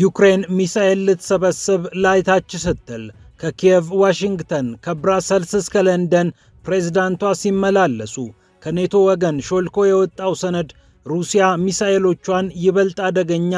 ዩክሬን ሚሳኤል ልትሰበስብ ላይታች ስትል ከኪየቭ ዋሽንግተን፣ ከብራሰልስ እስከ ለንደን ፕሬዝዳንቷ ሲመላለሱ ከኔቶ ወገን ሾልኮ የወጣው ሰነድ ሩሲያ ሚሳኤሎቿን ይበልጥ አደገኛ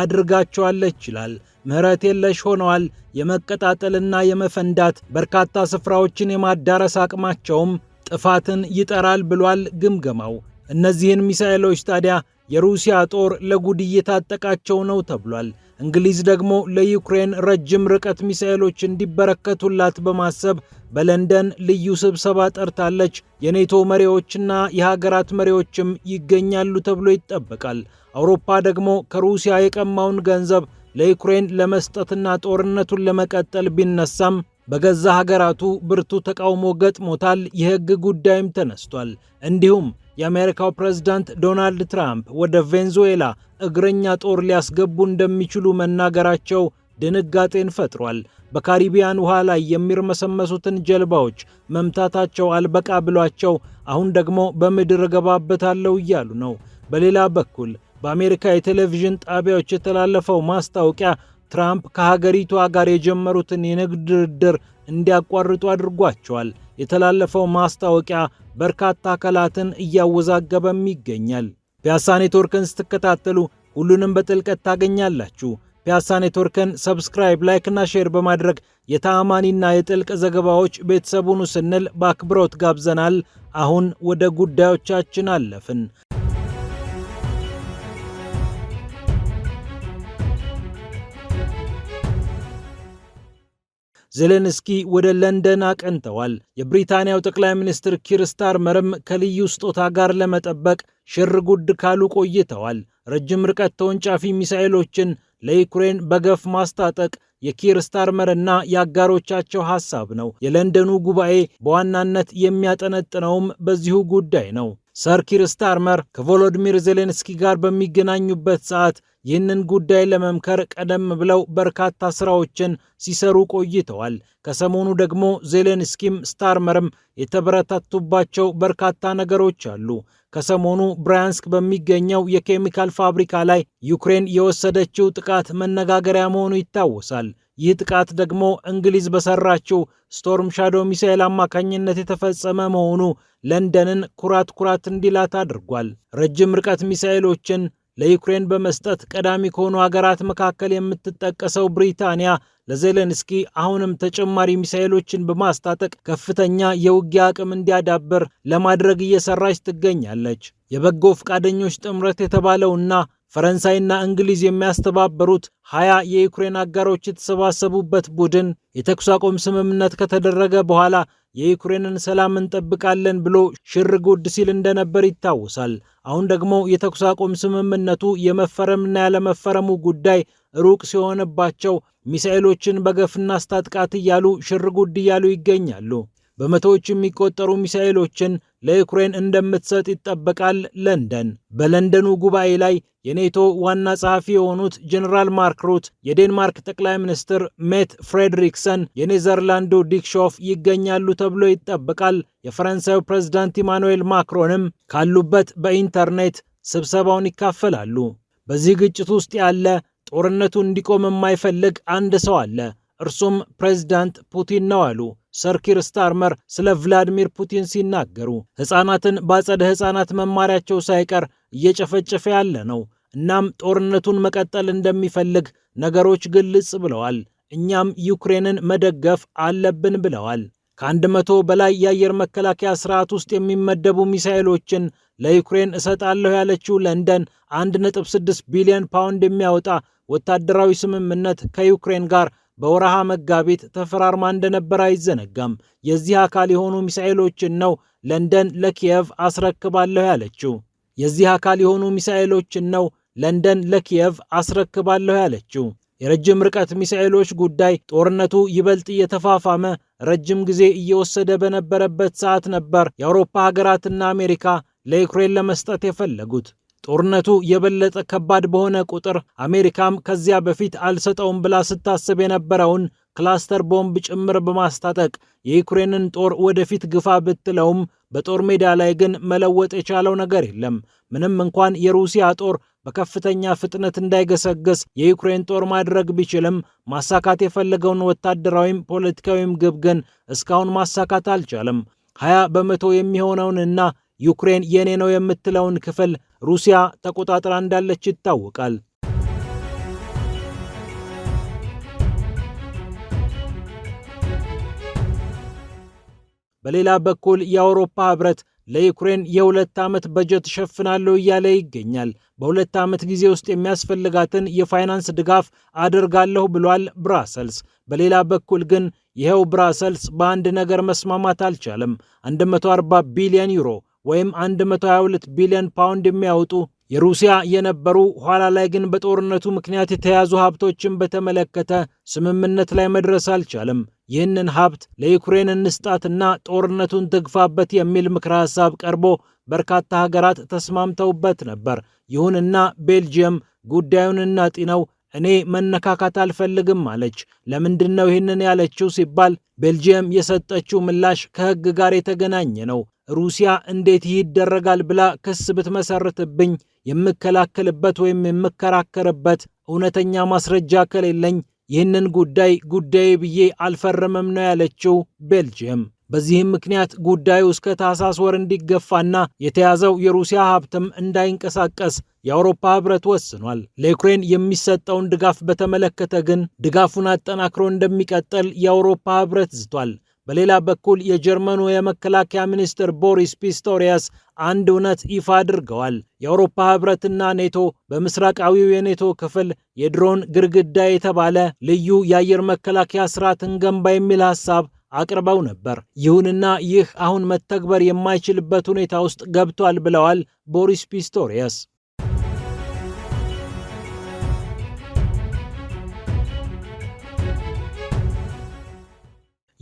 አድርጋቸዋለች ይላል። ምህረት የለሽ ሆነዋል። የመቀጣጠልና የመፈንዳት በርካታ ስፍራዎችን የማዳረስ አቅማቸውም ጥፋትን ይጠራል ብሏል ግምገማው። እነዚህን ሚሳኤሎች ታዲያ የሩሲያ ጦር ለጉድ እየታጠቃቸው ነው ተብሏል። እንግሊዝ ደግሞ ለዩክሬን ረጅም ርቀት ሚሳኤሎች እንዲበረከቱላት በማሰብ በለንደን ልዩ ስብሰባ ጠርታለች። የኔቶ መሪዎችና የሀገራት መሪዎችም ይገኛሉ ተብሎ ይጠበቃል። አውሮፓ ደግሞ ከሩሲያ የቀማውን ገንዘብ ለዩክሬን ለመስጠትና ጦርነቱን ለመቀጠል ቢነሳም በገዛ ሀገራቱ ብርቱ ተቃውሞ ገጥሞታል። የሕግ ጉዳይም ተነስቷል። እንዲሁም የአሜሪካው ፕሬዝዳንት ዶናልድ ትራምፕ ወደ ቬንዙዌላ እግረኛ ጦር ሊያስገቡ እንደሚችሉ መናገራቸው ድንጋጤን ፈጥሯል። በካሪቢያን ውሃ ላይ የሚርመሰመሱትን ጀልባዎች መምታታቸው አልበቃ ብሏቸው አሁን ደግሞ በምድር እገባበታለሁ እያሉ ነው። በሌላ በኩል በአሜሪካ የቴሌቪዥን ጣቢያዎች የተላለፈው ማስታወቂያ ትራምፕ ከሀገሪቷ ጋር የጀመሩትን የንግድ ድርድር እንዲያቋርጡ አድርጓቸዋል። የተላለፈው ማስታወቂያ በርካታ አካላትን እያወዛገበም ይገኛል። ፒያሳ ኔትወርክን ስትከታተሉ ሁሉንም በጥልቀት ታገኛላችሁ። ፒያሳ ኔትወርክን ሰብስክራይብ፣ ላይክና ሼር በማድረግ የተአማኒና የጥልቅ ዘገባዎች ቤተሰቡን ስንል በአክብሮት ጋብዘናል። አሁን ወደ ጉዳዮቻችን አለፍን። ዜሌንስኪ ወደ ለንደን አቀንተዋል። የብሪታንያው ጠቅላይ ሚኒስትር ኪር ስታርመርም ከልዩ ስጦታ ጋር ለመጠበቅ ሽር ጉድ ካሉ ቆይተዋል። ረጅም ርቀት ተወንጫፊ ሚሳኤሎችን ለዩክሬን በገፍ ማስታጠቅ የኪር ስታርመር እና የአጋሮቻቸው ሐሳብ ነው። የለንደኑ ጉባኤ በዋናነት የሚያጠነጥነውም በዚሁ ጉዳይ ነው። ሰር ኪር ስታርመር ከቮሎዲሚር ዜሌንስኪ ጋር በሚገናኙበት ሰዓት ይህንን ጉዳይ ለመምከር ቀደም ብለው በርካታ ስራዎችን ሲሰሩ ቆይተዋል። ከሰሞኑ ደግሞ ዜሌንስኪም ስታርመርም የተበረታቱባቸው በርካታ ነገሮች አሉ። ከሰሞኑ ብራያንስክ በሚገኘው የኬሚካል ፋብሪካ ላይ ዩክሬን የወሰደችው ጥቃት መነጋገሪያ መሆኑ ይታወሳል። ይህ ጥቃት ደግሞ እንግሊዝ በሰራችው ስቶርም ሻዶ ሚሳኤል አማካኝነት የተፈጸመ መሆኑ ለንደንን ኩራት ኩራት እንዲላት አድርጓል። ረጅም ርቀት ሚሳኤሎችን ለዩክሬን በመስጠት ቀዳሚ ከሆኑ ሀገራት መካከል የምትጠቀሰው ብሪታንያ ለዜሌንስኪ አሁንም ተጨማሪ ሚሳኤሎችን በማስታጠቅ ከፍተኛ የውጊያ አቅም እንዲያዳብር ለማድረግ እየሰራች ትገኛለች። የበጎ ፈቃደኞች ጥምረት የተባለውና ፈረንሳይና እንግሊዝ የሚያስተባበሩት ሀያ የዩክሬን አጋሮች የተሰባሰቡበት ቡድን የተኩስ አቁም ስምምነት ከተደረገ በኋላ የዩክሬንን ሰላም እንጠብቃለን ብሎ ሽር ጉድ ሲል እንደነበር ይታወሳል። አሁን ደግሞ የተኩስ አቁም ስምምነቱ የመፈረምና ያለመፈረሙ ጉዳይ ሩቅ ሲሆንባቸው ሚሳኤሎችን በገፍና አስታጥቃት እያሉ ሽር ጉድ እያሉ ይገኛሉ። በመቶዎች የሚቆጠሩ ሚሳኤሎችን ለዩክሬን እንደምትሰጥ ይጠበቃል። ለንደን በለንደኑ ጉባኤ ላይ የኔቶ ዋና ጸሐፊ የሆኑት ጀኔራል ማርክ ሩት፣ የዴንማርክ ጠቅላይ ሚኒስትር ሜት ፍሬድሪክሰን፣ የኔዘርላንዱ ዲክሾፍ ይገኛሉ ተብሎ ይጠበቃል። የፈረንሳዩ ፕሬዝዳንት ኢማኑኤል ማክሮንም ካሉበት በኢንተርኔት ስብሰባውን ይካፈላሉ። በዚህ ግጭት ውስጥ ያለ ጦርነቱ እንዲቆም የማይፈልግ አንድ ሰው አለ። እርሱም ፕሬዝዳንት ፑቲን ነው አሉ ሰር ኪር ስታርመር ስለ ቭላዲሚር ፑቲን ሲናገሩ ሕፃናትን ባጸደ ሕፃናት መማሪያቸው ሳይቀር እየጨፈጨፈ ያለ ነው። እናም ጦርነቱን መቀጠል እንደሚፈልግ ነገሮች ግልጽ ብለዋል። እኛም ዩክሬንን መደገፍ አለብን ብለዋል። ከአንድ መቶ በላይ የአየር መከላከያ ስርዓት ውስጥ የሚመደቡ ሚሳኤሎችን ለዩክሬን እሰጣለሁ ያለችው ለንደን 1.6 ቢሊዮን ፓውንድ የሚያወጣ ወታደራዊ ስምምነት ከዩክሬን ጋር በወረሃ መጋቢት ተፈራርማ እንደነበር አይዘነጋም። የዚህ አካል የሆኑ ሚሳኤሎችን ነው ለንደን ለኪየቭ አስረክባለሁ ያለችው። የዚህ አካል የሆኑ ሚሳኤሎችን ነው ለንደን ለኪየቭ አስረክባለሁ ያለችው። የረጅም ርቀት ሚሳኤሎች ጉዳይ ጦርነቱ ይበልጥ እየተፋፋመ ረጅም ጊዜ እየወሰደ በነበረበት ሰዓት ነበር የአውሮፓ ሀገራትና አሜሪካ ለዩክሬን ለመስጠት የፈለጉት። ጦርነቱ የበለጠ ከባድ በሆነ ቁጥር አሜሪካም ከዚያ በፊት አልሰጠውም ብላ ስታስብ የነበረውን ክላስተር ቦምብ ጭምር በማስታጠቅ የዩክሬንን ጦር ወደፊት ግፋ ብትለውም በጦር ሜዳ ላይ ግን መለወጥ የቻለው ነገር የለም። ምንም እንኳን የሩሲያ ጦር በከፍተኛ ፍጥነት እንዳይገሰገስ የዩክሬን ጦር ማድረግ ቢችልም ማሳካት የፈለገውን ወታደራዊም ፖለቲካዊም ግብ ግን እስካሁን ማሳካት አልቻለም። ሀያ በመቶ የሚሆነውንና ዩክሬን የኔ ነው የምትለውን ክፍል ሩሲያ ተቆጣጥራ እንዳለች ይታወቃል። በሌላ በኩል የአውሮፓ ህብረት ለዩክሬን የሁለት ዓመት በጀት እሸፍናለሁ እያለ ይገኛል። በሁለት ዓመት ጊዜ ውስጥ የሚያስፈልጋትን የፋይናንስ ድጋፍ አደርጋለሁ ብሏል ብራሰልስ። በሌላ በኩል ግን ይኸው ብራሰልስ በአንድ ነገር መስማማት አልቻለም። 140 ቢሊዮን ዩሮ ወይም 122 ቢሊዮን ፓውንድ የሚያወጡ የሩሲያ የነበሩ ኋላ ላይ ግን በጦርነቱ ምክንያት የተያዙ ሀብቶችን በተመለከተ ስምምነት ላይ መድረስ አልቻለም። ይህንን ሀብት ለዩክሬን እንስጣትና ጦርነቱን ትግፋበት የሚል ምክረ ሀሳብ ቀርቦ በርካታ ሀገራት ተስማምተውበት ነበር። ይሁንና ቤልጅየም ጉዳዩን እናጢነው እኔ መነካካት አልፈልግም አለች። ለምንድን ነው ይህንን ያለችው ሲባል ቤልጅየም የሰጠችው ምላሽ ከሕግ ጋር የተገናኘ ነው። ሩሲያ እንዴት ይደረጋል ብላ ክስ ብትመሰርትብኝ የምከላከልበት ወይም የምከራከርበት እውነተኛ ማስረጃ ከሌለኝ ይህንን ጉዳይ ጉዳዬ ብዬ አልፈረምም ነው ያለችው ቤልጅየም። በዚህም ምክንያት ጉዳዩ እስከ ታህሳስ ወር እንዲገፋና የተያዘው የሩሲያ ሀብትም እንዳይንቀሳቀስ የአውሮፓ ህብረት ወስኗል። ለዩክሬን የሚሰጠውን ድጋፍ በተመለከተ ግን ድጋፉን አጠናክሮ እንደሚቀጥል የአውሮፓ ህብረት ዝቷል። በሌላ በኩል የጀርመኑ የመከላከያ ሚኒስትር ቦሪስ ፒስቶሪያስ አንድ እውነት ይፋ አድርገዋል። የአውሮፓ ህብረትና ኔቶ በምስራቃዊው የኔቶ ክፍል የድሮን ግድግዳ የተባለ ልዩ የአየር መከላከያ ስርዓት እንገንባ የሚል ሀሳብ አቅርበው ነበር። ይሁንና ይህ አሁን መተግበር የማይችልበት ሁኔታ ውስጥ ገብቷል ብለዋል ቦሪስ ፒስቶሪያስ።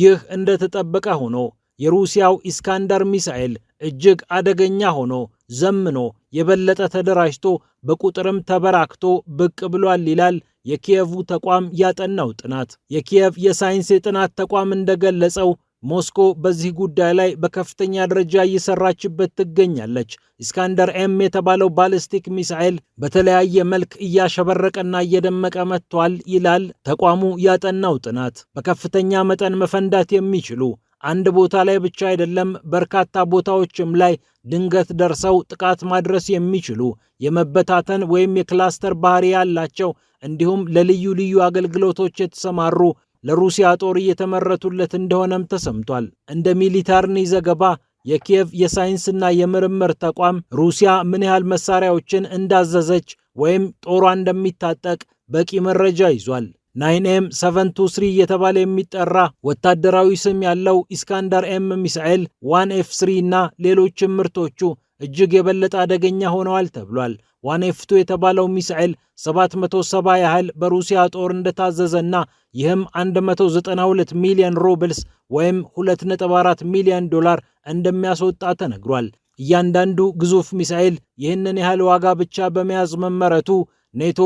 ይህ እንደተጠበቀ ሆኖ የሩሲያው ኢስካንደር ሚሳኤል እጅግ አደገኛ ሆኖ ዘምኖ የበለጠ ተደራጅቶ በቁጥርም ተበራክቶ ብቅ ብሏል ይላል የኪየቭ ተቋም ያጠናው ጥናት። የኪየቭ የሳይንስ የጥናት ተቋም እንደገለጸው ሞስኮ በዚህ ጉዳይ ላይ በከፍተኛ ደረጃ እየሰራችበት ትገኛለች። ኢስካንደር ኤም የተባለው ባሊስቲክ ሚሳኤል በተለያየ መልክ እያሸበረቀና እየደመቀ መጥቷል ይላል ተቋሙ ያጠናው ጥናት። በከፍተኛ መጠን መፈንዳት የሚችሉ አንድ ቦታ ላይ ብቻ አይደለም፣ በርካታ ቦታዎችም ላይ ድንገት ደርሰው ጥቃት ማድረስ የሚችሉ የመበታተን ወይም የክላስተር ባህሪ ያላቸው እንዲሁም ለልዩ ልዩ አገልግሎቶች የተሰማሩ ለሩሲያ ጦር እየተመረቱለት እንደሆነም ተሰምቷል። እንደ ሚሊታርኒ ዘገባ የኪየቭ የሳይንስና የምርምር ተቋም ሩሲያ ምን ያህል መሳሪያዎችን እንዳዘዘች ወይም ጦሯ እንደሚታጠቅ በቂ መረጃ ይዟል። ናይን ኤም 723 እየተባለ የሚጠራ ወታደራዊ ስም ያለው ኢስካንደር ኤም ሚሳኤል ዋን ኤፍ 3 እና ሌሎችም ምርቶቹ እጅግ የበለጠ አደገኛ ሆነዋል ተብሏል። ዋኔፍቱ የተባለው ሚሳኤል 770 ያህል በሩሲያ ጦር እንደታዘዘና ይህም 192 ሚሊዮን ሩብልስ ወይም 2.4 ሚሊዮን ዶላር እንደሚያስወጣ ተነግሯል። እያንዳንዱ ግዙፍ ሚሳኤል ይህንን ያህል ዋጋ ብቻ በመያዝ መመረቱ ኔቶ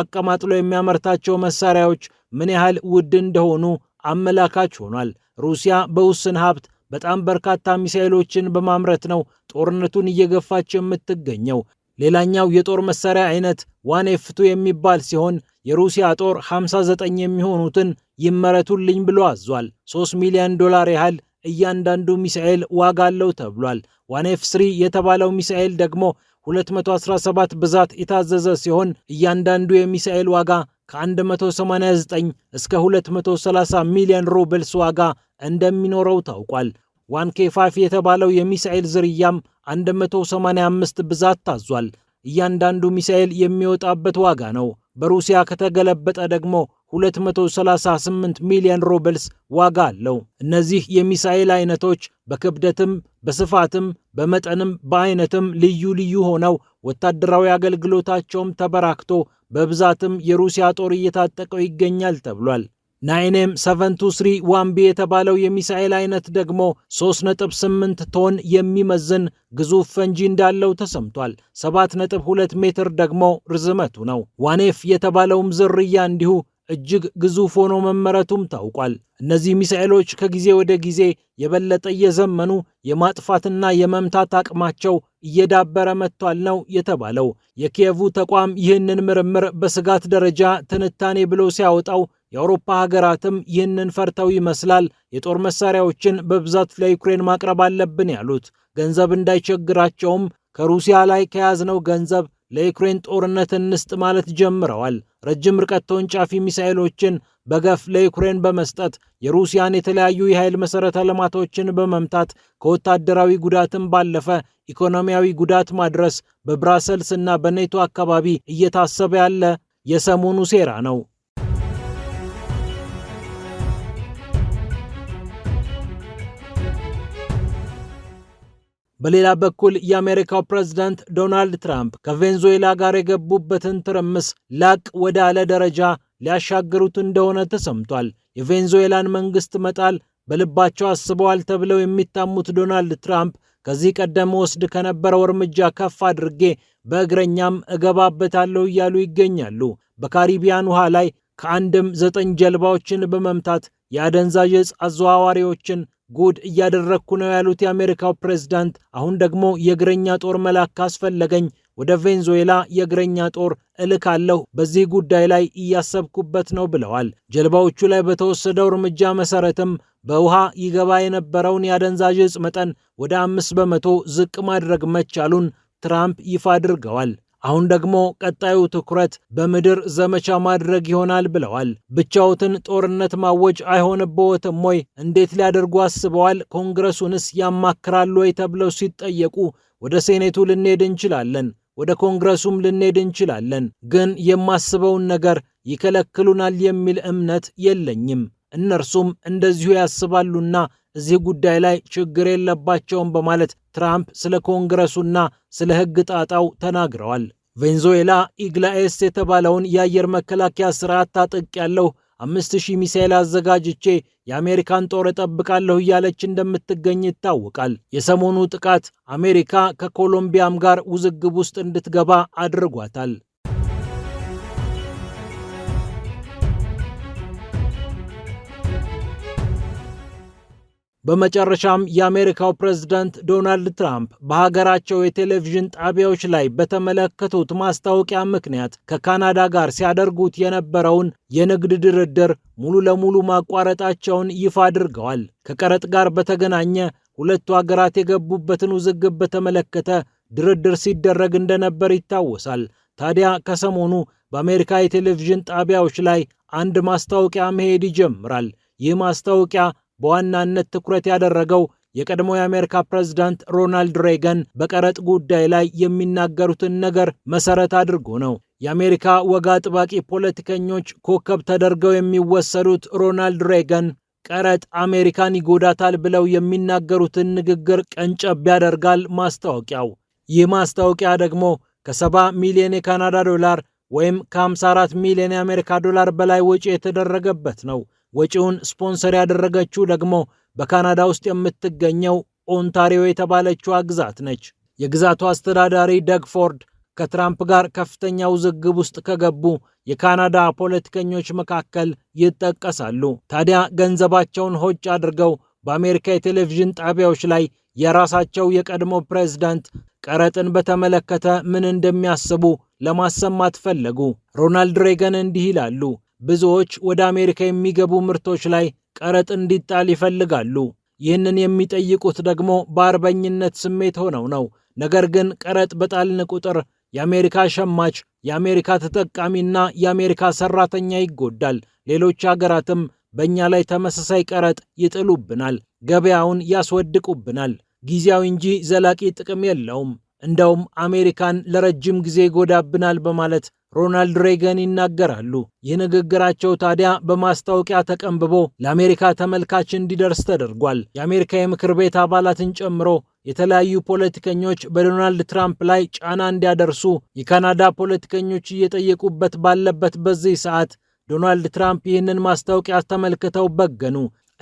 አቀማጥሎ የሚያመርታቸው መሳሪያዎች ምን ያህል ውድ እንደሆኑ አመላካች ሆኗል። ሩሲያ በውስን ሀብት በጣም በርካታ ሚሳኤሎችን በማምረት ነው ጦርነቱን እየገፋች የምትገኘው። ሌላኛው የጦር መሳሪያ አይነት ዋን ኤፍቱ የሚባል ሲሆን የሩሲያ ጦር 59 የሚሆኑትን ይመረቱልኝ ብሎ አዟል። 3 ሚሊዮን ዶላር ያህል እያንዳንዱ ሚሳኤል ዋጋ አለው ተብሏል። ዋን ኤፍ ስሪ የተባለው ሚሳኤል ደግሞ 217 ብዛት የታዘዘ ሲሆን እያንዳንዱ የሚሳኤል ዋጋ ከ189 እስከ 230 ሚሊዮን ሩብልስ ዋጋ እንደሚኖረው ታውቋል። ዋን ኬፋፊ የተባለው የሚሳኤል ዝርያም 185 ብዛት ታዟል። እያንዳንዱ ሚሳኤል የሚወጣበት ዋጋ ነው። በሩሲያ ከተገለበጠ ደግሞ 238 ሚሊዮን ሩብልስ ዋጋ አለው። እነዚህ የሚሳኤል አይነቶች በክብደትም በስፋትም በመጠንም በአይነትም ልዩ ልዩ ሆነው ወታደራዊ አገልግሎታቸውም ተበራክቶ በብዛትም የሩሲያ ጦር እየታጠቀው ይገኛል ተብሏል። ናይኔም 723 ዋንቢ የተባለው የሚሳኤል አይነት ደግሞ 3.8 ቶን የሚመዝን ግዙፍ ፈንጂ እንዳለው ተሰምቷል። 7.2 ሜትር ደግሞ ርዝመቱ ነው። ዋኔፍ የተባለውም ዝርያ እንዲሁ እጅግ ግዙፍ ሆኖ መመረቱም ታውቋል። እነዚህ ሚሳኤሎች ከጊዜ ወደ ጊዜ የበለጠ እየዘመኑ የማጥፋትና የመምታት አቅማቸው እየዳበረ መጥቷል ነው የተባለው። የኪየቡ ተቋም ይህንን ምርምር በስጋት ደረጃ ትንታኔ ብሎ ሲያወጣው የአውሮፓ ሀገራትም ይህንን ፈርተው ይመስላል የጦር መሳሪያዎችን በብዛት ለዩክሬን ማቅረብ አለብን ያሉት። ገንዘብ እንዳይቸግራቸውም ከሩሲያ ላይ ከያዝነው ገንዘብ ለዩክሬን ጦርነት እንስጥ ማለት ጀምረዋል። ረጅም ርቀት ተወንጫፊ ሚሳኤሎችን በገፍ ለዩክሬን በመስጠት የሩሲያን የተለያዩ የኃይል መሠረተ ልማቶችን በመምታት ከወታደራዊ ጉዳትም ባለፈ ኢኮኖሚያዊ ጉዳት ማድረስ በብራሰልስ እና በኔቶ አካባቢ እየታሰበ ያለ የሰሞኑ ሴራ ነው። በሌላ በኩል የአሜሪካው ፕሬዝዳንት ዶናልድ ትራምፕ ከቬንዙዌላ ጋር የገቡበትን ትርምስ ላቅ ወዳለ ደረጃ ሊያሻግሩት እንደሆነ ተሰምቷል። የቬንዙዌላን መንግስት መጣል በልባቸው አስበዋል ተብለው የሚታሙት ዶናልድ ትራምፕ ከዚህ ቀደም ወስድ ከነበረው እርምጃ ከፍ አድርጌ በእግረኛም እገባበታለሁ እያሉ ይገኛሉ። በካሪቢያን ውሃ ላይ ከአንድም ዘጠኝ ጀልባዎችን በመምታት የአደንዛዥ አዘዋዋሪዎችን ጉድ እያደረግኩ ነው ያሉት የአሜሪካው ፕሬዝዳንት አሁን ደግሞ የእግረኛ ጦር መላክ ካስፈለገኝ ወደ ቬንዙዌላ የእግረኛ ጦር እልካለሁ፣ በዚህ ጉዳይ ላይ እያሰብኩበት ነው ብለዋል። ጀልባዎቹ ላይ በተወሰደው እርምጃ መሰረትም በውሃ ይገባ የነበረውን የአደንዛዥ ዕፅ መጠን ወደ አምስት በመቶ ዝቅ ማድረግ መቻሉን ትራምፕ ይፋ አድርገዋል። አሁን ደግሞ ቀጣዩ ትኩረት በምድር ዘመቻ ማድረግ ይሆናል ብለዋል። ብቻዎትን ጦርነት ማወጅ አይሆንብዎትም ወይ? እንዴት ሊያደርጉ አስበዋል? ኮንግረሱንስ ያማክራሉ ወይ ተብለው ሲጠየቁ ወደ ሴኔቱ ልንሄድ እንችላለን፣ ወደ ኮንግረሱም ልንሄድ እንችላለን፣ ግን የማስበውን ነገር ይከለክሉናል የሚል እምነት የለኝም። እነርሱም እንደዚሁ ያስባሉና እዚህ ጉዳይ ላይ ችግር የለባቸውም በማለት ትራምፕ ስለ ኮንግረሱና ስለ ሕግ ጣጣው ተናግረዋል። ቬንዙዌላ ኢግላኤስ የተባለውን የአየር መከላከያ ስርዓት ታጠቅ ያለው አምስት ሺህ ሚሳኤል አዘጋጅቼ የአሜሪካን ጦር እጠብቃለሁ እያለች እንደምትገኝ ይታወቃል። የሰሞኑ ጥቃት አሜሪካ ከኮሎምቢያም ጋር ውዝግብ ውስጥ እንድትገባ አድርጓታል። በመጨረሻም የአሜሪካው ፕሬዝዳንት ዶናልድ ትራምፕ በሀገራቸው የቴሌቪዥን ጣቢያዎች ላይ በተመለከቱት ማስታወቂያ ምክንያት ከካናዳ ጋር ሲያደርጉት የነበረውን የንግድ ድርድር ሙሉ ለሙሉ ማቋረጣቸውን ይፋ አድርገዋል። ከቀረጥ ጋር በተገናኘ ሁለቱ ሀገራት የገቡበትን ውዝግብ በተመለከተ ድርድር ሲደረግ እንደነበር ይታወሳል። ታዲያ ከሰሞኑ በአሜሪካ የቴሌቪዥን ጣቢያዎች ላይ አንድ ማስታወቂያ መሄድ ይጀምራል። ይህ ማስታወቂያ በዋናነት ትኩረት ያደረገው የቀድሞ የአሜሪካ ፕሬዝዳንት ሮናልድ ሬገን በቀረጥ ጉዳይ ላይ የሚናገሩትን ነገር መሰረት አድርጎ ነው። የአሜሪካ ወግ አጥባቂ ፖለቲከኞች ኮከብ ተደርገው የሚወሰዱት ሮናልድ ሬገን ቀረጥ አሜሪካን ይጎዳታል ብለው የሚናገሩትን ንግግር ቀንጨብ ያደርጋል ማስታወቂያው። ይህ ማስታወቂያ ደግሞ ከ70 ሚሊዮን የካናዳ ዶላር ወይም ከ54 ሚሊዮን የአሜሪካ ዶላር በላይ ወጪ የተደረገበት ነው። ወጪውን ስፖንሰር ያደረገችው ደግሞ በካናዳ ውስጥ የምትገኘው ኦንታሪዮ የተባለችዋ ግዛት ነች። የግዛቱ አስተዳዳሪ ደግ ፎርድ ከትራምፕ ጋር ከፍተኛ ውዝግብ ውስጥ ከገቡ የካናዳ ፖለቲከኞች መካከል ይጠቀሳሉ። ታዲያ ገንዘባቸውን ሆጭ አድርገው በአሜሪካ የቴሌቪዥን ጣቢያዎች ላይ የራሳቸው የቀድሞ ፕሬዝዳንት ቀረጥን በተመለከተ ምን እንደሚያስቡ ለማሰማት ፈለጉ። ሮናልድ ሬገን እንዲህ ይላሉ። ብዙዎች ወደ አሜሪካ የሚገቡ ምርቶች ላይ ቀረጥ እንዲጣል ይፈልጋሉ። ይህንን የሚጠይቁት ደግሞ በአርበኝነት ስሜት ሆነው ነው። ነገር ግን ቀረጥ በጣልን ቁጥር የአሜሪካ ሸማች፣ የአሜሪካ ተጠቃሚና የአሜሪካ ሰራተኛ ይጎዳል። ሌሎች አገራትም በእኛ ላይ ተመሳሳይ ቀረጥ ይጥሉብናል፣ ገበያውን ያስወድቁብናል። ጊዜያዊ እንጂ ዘላቂ ጥቅም የለውም። እንደውም አሜሪካን ለረጅም ጊዜ ይጎዳብናል በማለት ሮናልድ ሬገን ይናገራሉ። ይህ ንግግራቸው ታዲያ በማስታወቂያ ተቀንብቦ ለአሜሪካ ተመልካች እንዲደርስ ተደርጓል። የአሜሪካ የምክር ቤት አባላትን ጨምሮ የተለያዩ ፖለቲከኞች በዶናልድ ትራምፕ ላይ ጫና እንዲያደርሱ የካናዳ ፖለቲከኞች እየጠየቁበት ባለበት በዚህ ሰዓት ዶናልድ ትራምፕ ይህንን ማስታወቂያ ተመልክተው በገኑ።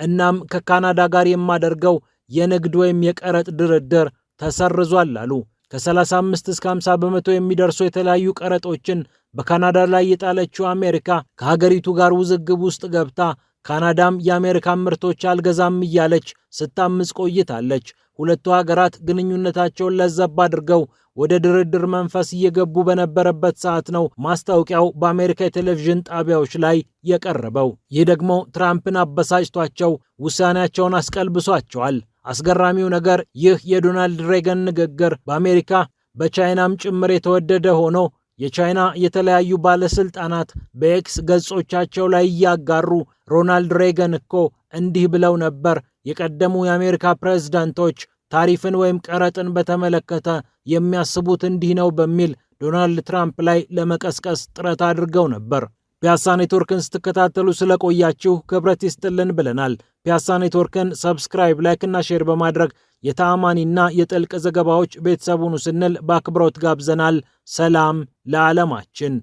እናም ከካናዳ ጋር የማደርገው የንግድ ወይም የቀረጥ ድርድር ተሰርዟል አሉ። ከ35 እስከ 50 በመቶ የሚደርሱ የተለያዩ ቀረጦችን በካናዳ ላይ የጣለችው አሜሪካ ከሀገሪቱ ጋር ውዝግብ ውስጥ ገብታ ካናዳም የአሜሪካን ምርቶች አልገዛም እያለች ስታምጽ ቆይታለች። ሁለቱ ሀገራት ግንኙነታቸውን ለዘብ አድርገው ወደ ድርድር መንፈስ እየገቡ በነበረበት ሰዓት ነው ማስታወቂያው በአሜሪካ የቴሌቪዥን ጣቢያዎች ላይ የቀረበው። ይህ ደግሞ ትራምፕን አበሳጭቷቸው ውሳኔያቸውን አስቀልብሷቸዋል። አስገራሚው ነገር ይህ የዶናልድ ሬገን ንግግር በአሜሪካ በቻይናም ጭምር የተወደደ ሆኖ የቻይና የተለያዩ ባለስልጣናት በኤክስ ገጾቻቸው ላይ እያጋሩ ሮናልድ ሬገን እኮ እንዲህ ብለው ነበር፣ የቀደሙ የአሜሪካ ፕሬዝዳንቶች ታሪፍን ወይም ቀረጥን በተመለከተ የሚያስቡት እንዲህ ነው በሚል ዶናልድ ትራምፕ ላይ ለመቀስቀስ ጥረት አድርገው ነበር። ፒያሳ ኔትወርክን ስትከታተሉ ስለቆያችሁ ክብረት ይስጥልን ብለናል። ፒያሳ ኔትወርክን ሰብስክራይብ፣ ላይክና ሼር በማድረግ የተአማኒና የጥልቅ ዘገባዎች ቤተሰቡን ስንል በአክብሮት ጋብዘናል። ሰላም ለዓለማችን።